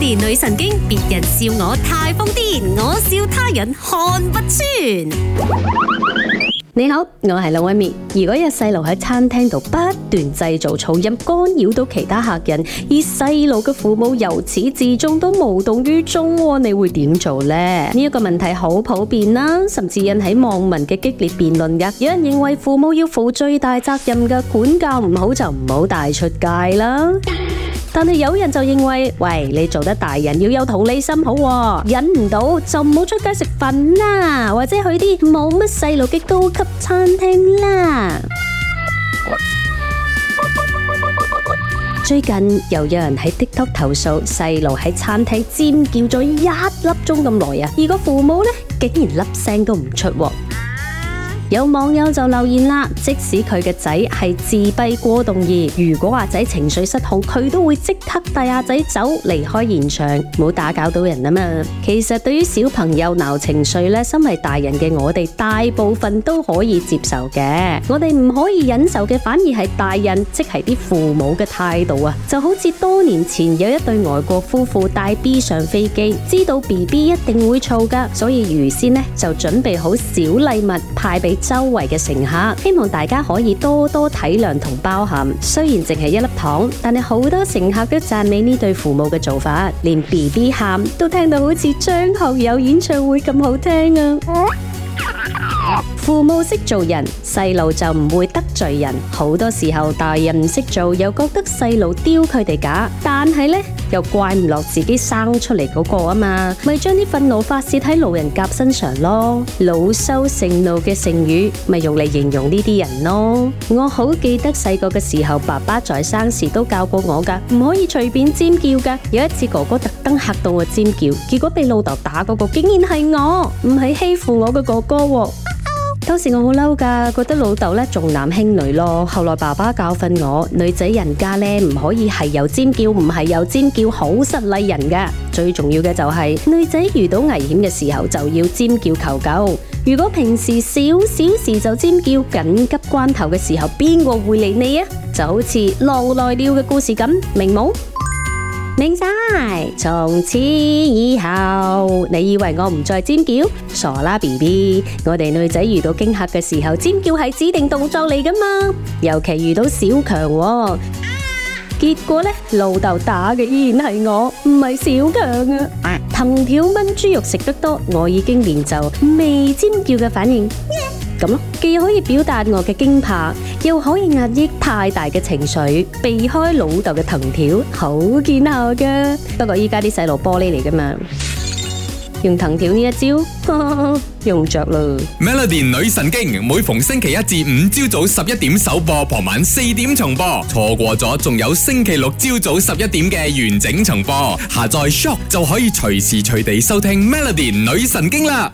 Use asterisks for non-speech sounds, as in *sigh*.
年女神經，別人笑我太瘋癲，我笑他人看不穿。你好，我係 Melody。如果有細路喺餐廳度不斷製造噪音，干擾到其他客人，而細路嘅父母由始至終都無動於衷、啊，你會點做呢？呢、這、一個問題好普遍啦、啊，甚至引起網民嘅激烈辯論嘅。有人認為父母要負最大責任嘅，管教唔好就唔好帶出街啦。但係有人就認為，喂，你做得大人要有同理心好喎，忍唔到就唔好出街食飯啦，或者去啲冇乜細路嘅高級餐廳啦。 *noise* 最近又有，有人喺 TikTok 投訴細路喺餐廳尖叫咗一粒鐘咁耐啊，而個父母呢，竟然粒聲都唔出喎。有網友就留言啦，即使佢嘅仔係自閉過動兒，如果阿仔情緒失控，佢都會即刻帶阿仔走，離開現場，唔好打攪到人啊嘛。其實對於小朋友鬧情緒咧，身為大人嘅我哋大部分都可以接受嘅，我哋唔可以忍受嘅反而係大人，即係啲父母嘅態度啊。就好似多年前有一對外國夫婦帶 B 上飛機，知道 B B 一定會燥噶，所以預先呢就準備好小禮物派俾。周圍嘅乘客，希望大家可以多多體諒同包涵。雖然淨係一粒糖，但係好多乘客都讚美呢對父母嘅做法，連 B B 喊都聽到好似張學友演唱會咁好聽啊！父母識做人，細路就唔會得罪人。好多時候大人唔識做，又覺得細路丟佢哋假，但係呢，又怪唔落自己生出嚟嗰個啊嘛，咪將啲憤怒發洩喺路人甲身上咯。惱羞成怒嘅成語咪用嚟形容呢啲人咯。我好記得細個嘅時候，爸爸在生時都教過我噶，唔可以隨便尖叫噶。有一次哥哥特登嚇到我尖叫，結果被老豆打嗰個竟然係我，唔係欺負我嘅哥哥。當時我好嬲噶，覺得老豆咧重男輕女咯。後來爸爸教訓我，女仔人家咧唔可以係又尖叫唔係又尖叫，好失禮人噶。最重要嘅就係、是、女仔遇到危險嘅時候就要尖叫求救。如果平時少少事就尖叫，緊急關頭嘅時候邊個會理你啊？就好似狼來了嘅故事咁，明冇？明晒，從此以後，你以為我唔再尖叫？傻啦 BB，我哋女仔遇到驚嚇嘅時候，尖叫係指定動作嚟噶嘛？尤其遇到小強，結果呢老豆打嘅依然係我，唔係小強啊！藤條炆豬肉食得多，我已經練就未尖叫嘅反應。咁咯，既可以表達我嘅驚怕，又可以壓抑太大嘅情緒，避開老豆嘅藤條，好見效噶。不過依家啲細路玻璃嚟噶嘛，用藤條呢一招用唔着咯。Melody 女神經每逢星期一至五朝早十一點首播，傍晚四點重播，錯過咗仲有星期六朝早十一點嘅完整重播。下載 Shock 就可以隨時隨地收聽 Melody 女神經啦。